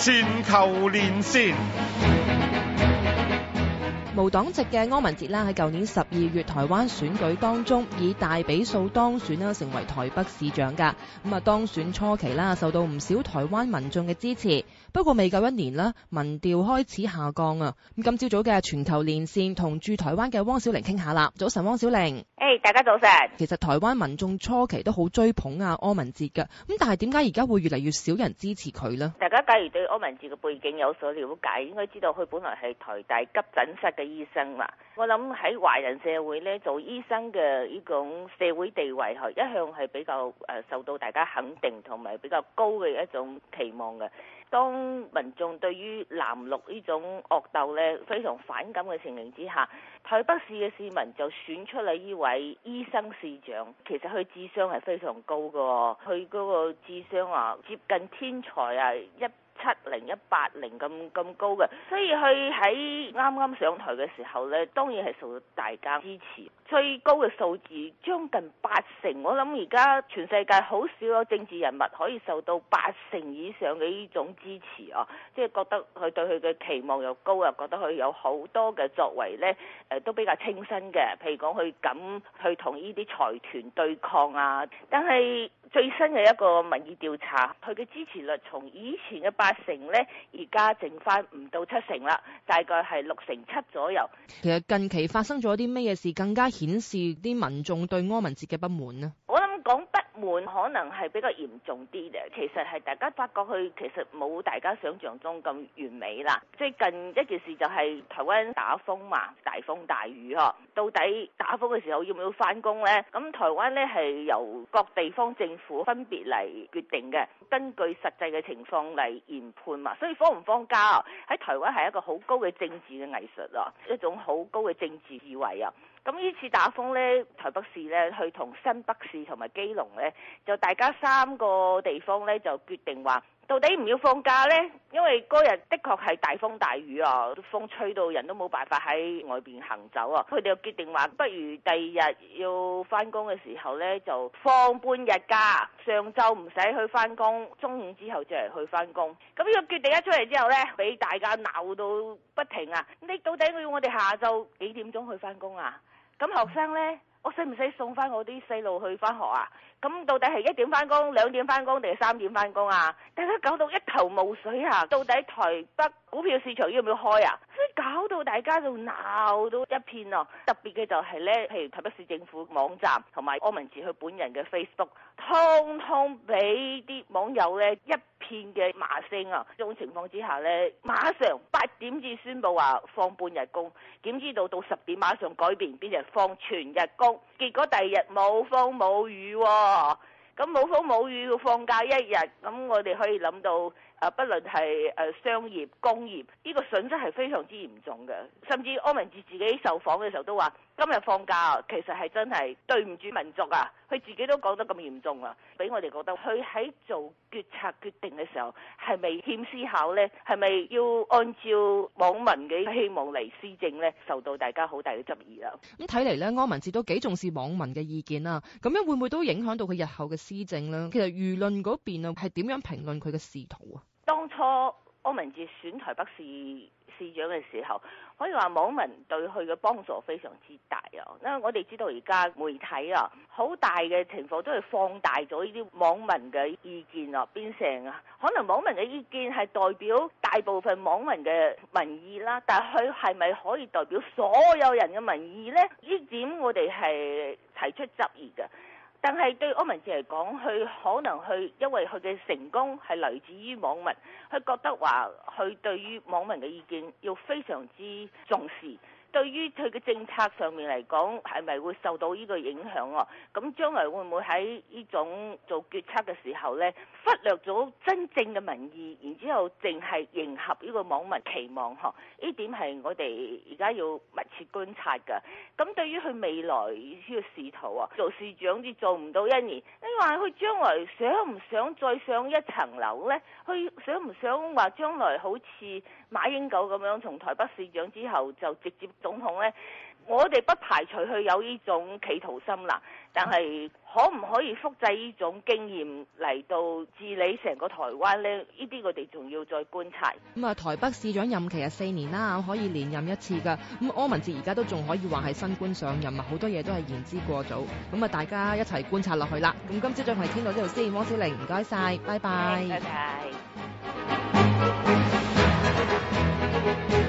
全球連線。無黨籍嘅柯文哲啦，喺舊年十二月台灣選舉當中以大比數當選啦，成為台北市長噶。咁啊，當選初期啦，受到唔少台灣民眾嘅支持。不過未夠一年啦，民調開始下降啊。咁今朝早嘅全球連線同駐台灣嘅汪小玲傾下啦。早晨，汪小玲。誒，hey, 大家早晨。其實台灣民眾初期都好追捧啊柯文哲噶。咁但係點解而家會越嚟越少人支持佢呢？大家假如對柯文哲嘅背景有所了解，應該知道佢本來係台大急診室嘅。醫生啦，我諗喺華人社會呢，做醫生嘅呢種社會地位係一向係比較誒受到大家肯定同埋比較高嘅一種期望嘅。當民眾對於藍綠呢種惡鬥呢非常反感嘅情形之下，台北市嘅市民就選出嚟呢位醫生市長。其實佢智商係非常高嘅。哦，佢嗰個智商啊接近天才啊一七零一八零咁咁高嘅，所以佢喺啱啱上台嘅時候咧，當然係受到大家支持，最高嘅數字將近八成，我諗而家全世界好少有政治人物可以受到八成以上嘅呢種支持啊，即係覺得佢對佢嘅期望又高，又覺得佢有好多嘅作為呢，誒、呃、都比較清新嘅。譬如講佢敢去同呢啲財團對抗啊，但係最新嘅一個民意調查，佢嘅支持率從以前嘅八成呢，而家剩返唔到七成啦，大概係六成七左右。其實近期發生咗啲咩嘢事更加？顯示啲民眾對柯文哲嘅不滿呢，我諗講不滿可能係比較嚴重啲嘅。其實係大家發覺佢其實冇大家想象中咁完美啦。最近一件事就係台灣打風嘛，大風大雨嗬、啊，到底打風嘅時候要唔要翻工呢？咁台灣呢係由各地方政府分別嚟決定嘅，根據實際嘅情況嚟研判嘛。所以放唔放假喺、啊、台灣係一個好高嘅政治嘅藝術啊，一種好高嘅政治智慧啊。咁呢次打風咧，台北市咧，去同新北市同埋基隆咧，就大家三個地方咧，就決定話。到底唔要放假呢？因為嗰日的確係大風大雨啊，風吹到人都冇辦法喺外邊行走啊。佢哋又決定話，不如第二日要翻工嘅時候呢，就放半日假，上晝唔使去翻工，中午之後就嚟去翻工。咁呢個決定一出嚟之後呢，俾大家鬧到不停啊！你到底要我哋下晝幾點鐘去翻工啊？咁學生呢？我使唔使送翻我啲細路去翻學啊？咁到底係一點返工、兩點返工定係三點返工啊？大家搞到一頭霧水啊！到底台北股票市場要唔要開啊？所以搞到大家就鬧到一片咯。特別嘅就係呢，譬如台北市政府網站同埋柯文哲佢本人嘅 Facebook，通通俾啲網友呢一。天嘅罵聲啊！呢種情況之下咧，馬上八點至宣布話放半日工，點知道到十點馬上改變變成放全日工，結果第二日冇風冇雨啊，咁冇風冇雨要放假一日，咁我哋可以諗到。誒，不論係誒商業、工業，呢、這個損失係非常之嚴重嘅。甚至柯文哲自己受訪嘅時候都話：今日放假，其實係真係對唔住民族啊！佢自己都講得咁嚴重啦，俾我哋覺得佢喺做決策決定嘅時候係未欠思考呢，係咪要按照網民嘅希望嚟施政呢？受到大家好大嘅質疑啦。咁睇嚟呢，柯文哲都幾重視網民嘅意見啊。咁樣會唔會都影響到佢日後嘅施政呢？其實輿論嗰邊啊，係點樣評論佢嘅仕途啊？初柯文哲選台北市市長嘅時候，可以話網民對佢嘅幫助非常之大啊！因為我哋知道而家媒體啊，好大嘅情況都係放大咗呢啲網民嘅意見啊，變成啊，可能網民嘅意見係代表大部分網民嘅民意啦，但係佢係咪可以代表所有人嘅民意呢？呢點我哋係提出質疑嘅。但係對柯文哲嚟講，佢可能佢因為佢嘅成功係來自於網民，佢覺得話佢對於網民嘅意見要非常之重視。對於佢嘅政策上面嚟講，係咪會受到呢個影響？咁將來會唔會喺呢種做決策嘅時候呢，忽略咗真正嘅民意，然之後淨係迎合呢個網民期望？呢點係我哋而家要密切觀察㗎。咁對於佢未來呢個仕途啊，做市長至做唔到一年，你話佢將來想唔想再上一層樓呢？佢想唔想話將來好似馬英九咁樣，從台北市長之後就直接？總統咧，我哋不排除佢有呢種企圖心啦，但係可唔可以複製呢種經驗嚟到治理成個台灣咧？呢啲我哋仲要再觀察。咁啊，台北市長任期係四年啦，可以連任一次㗎。咁柯文哲而家都仲可以話係新官上任，啊，好多嘢都係言之過早。咁啊，大家一齊觀察落去啦。咁今朝早係傾到呢度先，汪小玲，唔該晒，嗯、拜拜。多謝。